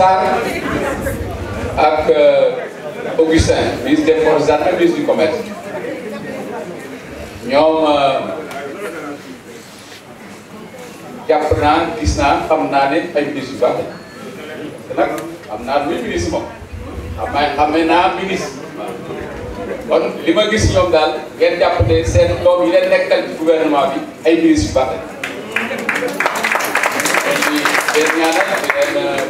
Sarr ak euh, Augustin ministre des forces armées ministre du commerce ñoom euh, jàpp naa gis naa xam naa ne ay ministres yu baax lañ te nag xam naa luy ministre moom xam naa xamee naa ministre kon li ma gis ñoom daal ngeen jàpp ne seen doom yi leen nekkal ci gouvernement bi ay ministres yu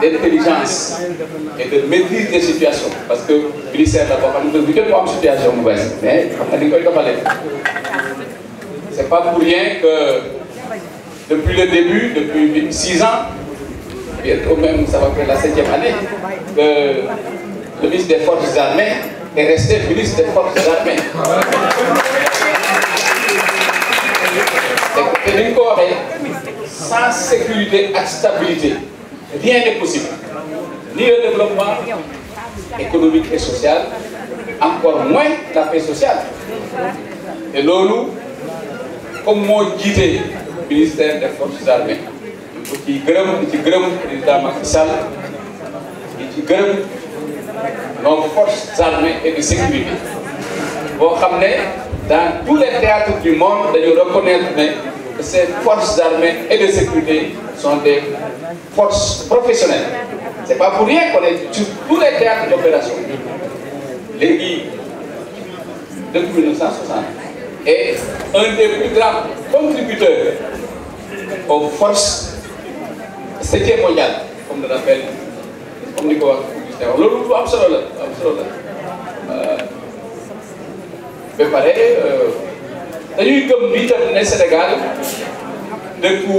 d'intelligence et de maîtrise des situations parce que ministère la xam ne que nous sommes en situation mauvaise mais xam pas de koy c'est pas pour rien que depuis le début depuis six ans bientôt même ça va faire la septième année que le ministre des forces armées est resté ministre des forces armées c'est que quoi est sans sécurité sans stabilité Rien n'est possible. Ni le développement économique et social, encore moins la paix sociale. Et l'ONU, comme mon le ministère des Forces armées, qui grimpe, qui président Macky qui grimpe nos forces armées et de sécurité. ramener dans tous les théâtres du monde, de reconnaître que ces forces armées et de sécurité sont des forces professionnelles. C'est pas pour rien qu'on est sur tous les théâtres d'opération. Légui, depuis 1960, est un des plus grands contributeurs aux forces c'était mondial, comme on l'appelle, comme dit quoi, loolu lu am solo la am solo la euh, ba pare euh, dañuy gëm bi tam ne Sénégal dëkku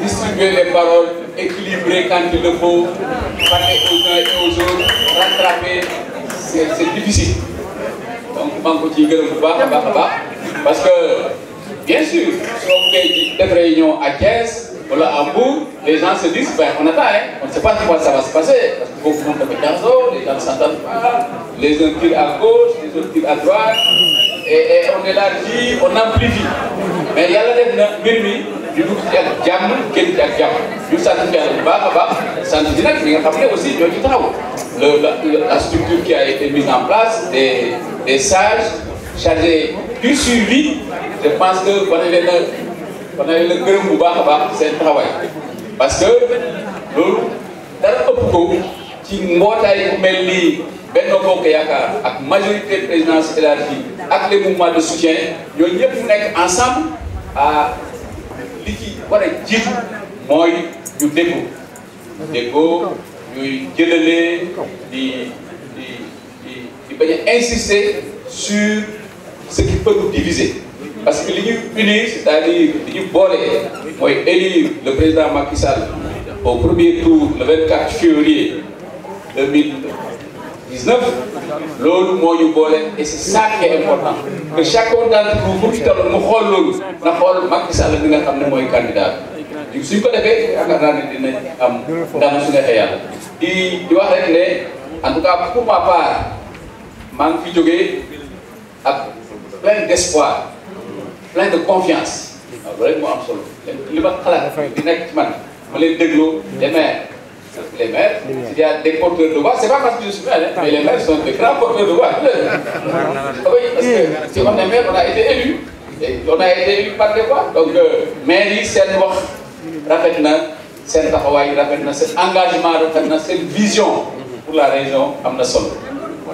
distribuer les paroles équilibrer quand il le faut parler aux uns et aux autres rattraper c'est difficile donc maa de ko parce que bien sûr si on fait être réunion à 15. Voilà, à bout, les gens se disent, ben, on attend, hein, on ne sait pas comment ça va se passer, parce que beaucoup de monde carreaux, les gens ne s'entendent pas, les uns tirent à gauche, les autres tirent à droite, et, et on élargit, on amplifie. Mais il y a la dette, jublu ci ak jàmm génn ci ak jàmm ñu sant yàlla bu baax a baax sant di nag li nga xam ne aussi ñoo ci taxaw le la structure qui a été mise en place des des sages chargés du suivi je pense que wane leen on a eu le grand boulot à avoir pour travail. Parce que, nous, dans notre groupe, si nous ne met en place la majorité de présidence élargie, avec les mouvements de soutien, nous ne être ensemble à l'équipe. Voilà, c'est ce qu'on a fait. On a fait, on a fait, on a insisté sur ce qui peut nous diviser parce que les ñu c'est-à-dire li ñu qui élu le président Macky Sall au premier tour le 24 février 2019 et c'est ça qui est important que chacun d'entre vous vous fi toll mu xool loolu Macky Sall bi candidat Je suñ ko defee yaakaar naa ne am ndam su en tout cas pour ma part je suis plein d'espoir plein de confiance ah, vraiment, absolument. les maires les maires il y a des porteurs de voix c'est pas parce que je suis maire hein, mais les maires sont des grands porteurs de voix ah, ah oui parce que si on est maire on a été élu et on a été élu par des voix donc euh, mairie, c'est une wax c'est le seen taxawaay engagement nous c'est vision pour la région Amna solo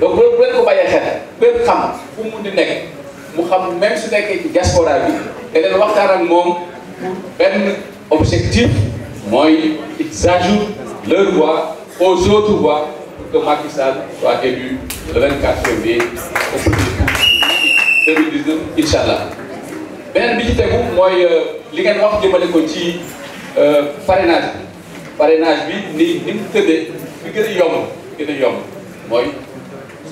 donc loolu bu ou ko bàyyee xel bu leen mu di nekk mu xam même su nekkee ci diaspora bi da leen waxtaan ak moom pour benn mooy ils ajoutent leur voix aux autres voix pour que Macky Sall soit élu le 24 février au premier tour 2019 incha allah. beneen bi ci mooy euh, li ngeen wax jëmale ko ci euh, parrainage bi parrainage bi ni ni mu tëddee bi gën a mooy.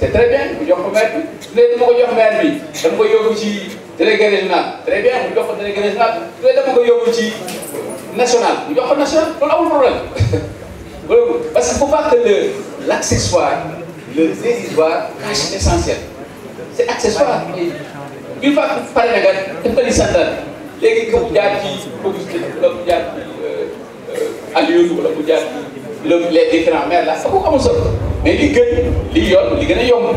c'est très bien vous maire bi vous bi très bien vous avez faire vous national vous national amul problème faut pas que l'accessoire le dérisoire cache essentiel c'est accessoire une fois que vous parlez euh, euh, le la vous Vous avez les différents mères là ça vous mais li gën li yoon li gën a yomb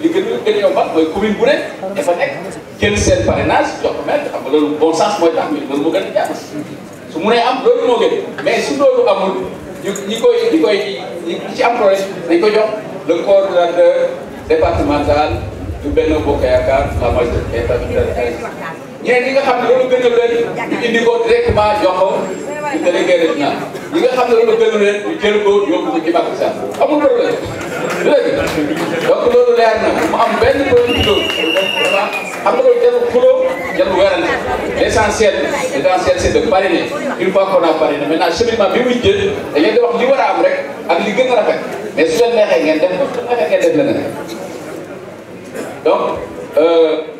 li gën a gën a yomb mooy commune bu ne dafa nekk jël seen parrainage jox ko mel xam nga loolu bon sens mooy tax ñu loolu moo gën a jaar su mu ne am loolu moo gën mais su loolu amul ñu ñi koy ñi koy ñi ci am projet dañ ko jox le coordinateur départemental du benn bokk yaakaar la majeur de l'état ñeneen ñi nga xam ne loolu gënal leen ñu indi ko directement jox ko ci délégué régional ñi nga xam ne loolu gënal leen ñu jël ko yóbbu ko ci Macky Sall amul problème léegi donc loolu leer na mu am benn problème loolu vraiment xam nga loolu jarul xuloo jarul werante l' essentiel l' essentiel c' est de parrainer une fois qu'on a parrainé maintenant cheminement bi muy jël dañ leen di wax li war a am rek ak li gën a rafet mais su leen neexee ngeen def ko su leen neexee ngeen def leneen donc. Euh,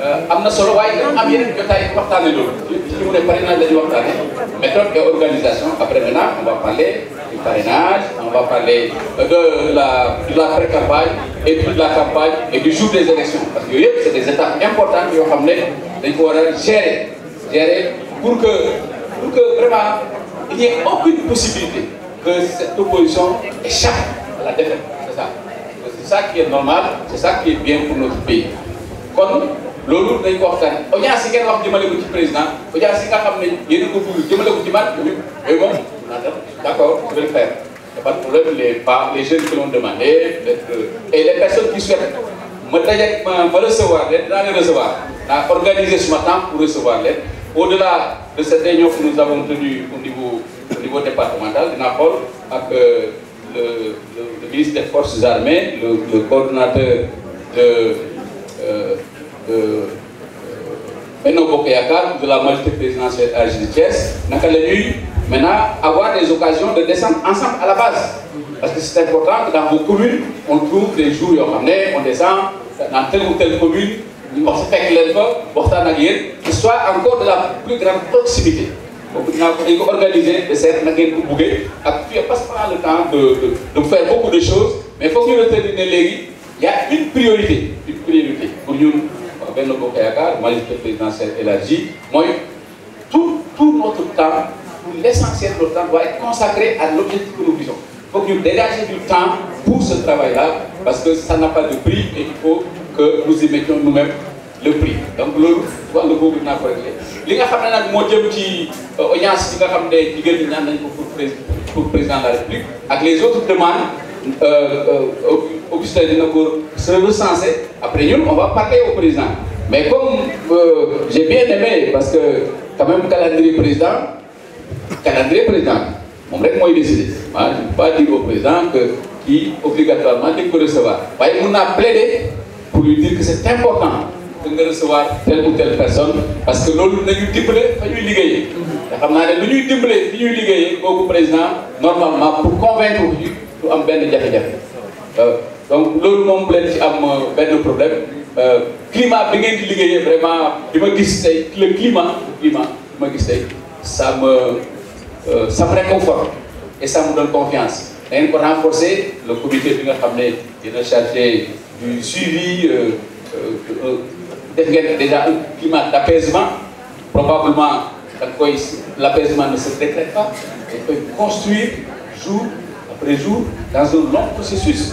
Euh, amna solo way am yeneen jotaay do ci méthode organisation après maintenant on va parler du parrainage on va parler de la pré-campagne et puis de la campagne et du jour des élections parce que c'est des étapes importantes qui xamné dañ ko à gérer gérer pour que pour que vraiment il n'y ait aucune possibilité que cette opposition échappe à la défaite c'est ça c'est ça qui est normal c'est ça qui est bien pour notre pays loolu dañ ko waxtaanee audience yi ngeen wax jëmale ko ci président audience yi nga xam ne yéen a ko bëgg jëmale ko ci man yooyu moom d' accord je vais le faire y' a pas de problème les pas les jeunes qui l'ont demandé et les personnes qui souhaitent ma daje ma ma recevoir leen dinaa leen recevoir naa organiser ce matin pour recevoir leen au-delà de cette réunion que nous avons tenue au niveau au niveau départemental dinaa xool ak euh, le le ministre des forces armées le le coordonnateur de. Euh, euh, euh, au de la majorité présidentielle à Thiès, naka la maintenant avoir des occasions de descendre ensemble à la base. Parce que c'est important que dans vos communes, on trouve des jours où on descend dans telle ou telle commune, on se fait que l'un qui soit encore de la plus grande proximité. Donc, il faut organiser des cercles pour bouger. Il n'y a pas le temps de, de, faire beaucoup de choses, mais il faut que nous le les il y a une priorité, une priorité pour nous. Benno Bokayakar, majorité présidentielle élargie, moi, tout, tout notre temps, l'essentiel de notre temps, doit être consacré à l'objectif que nous visons. Il faut que nous dégagions du temps pour ce travail-là, parce que ça n'a pas de prix et il faut que nous y mettions nous-mêmes le prix. Donc, loolu wàllu boobu n'a pas réglé li nga xamné nak mo moo jëm ci euh, audience bi nga xam ñaan nañ ko pour pour président de la République ak les autres demandes euh, euh, Augustin dina ko se recenser après nous on va parler au président. Mais comme euh, j'ai bien aimé, parce que quand même calendrier président, calendrier président, mon rek moi décidé. Je ne peux pas dire au président que, qui obligatoirement il peut recevoir. on a plaidé pour lui dire que c'est important de recevoir telle ou telle personne parce que nous, nañu dimbale fa ñuy a te xam Il ne lu ñuy il a ñuy liggéeyee au président normalement pour convaincre lui nous am benn jafe-jafe euh, donc nous avons il a am euh, problème euh, climat bi ngeen di liggéeyee vraiment le climat le climat ma ça me euh, ça me réconforte et ça me donne confiance da ngeen ko renforcer le comité bi nga xam ne dina du suivi euh, def ngeen déjà un climat d'apaisement probablement l'apaisement ne se décrète pas da peut construire jour après jour dans un long processus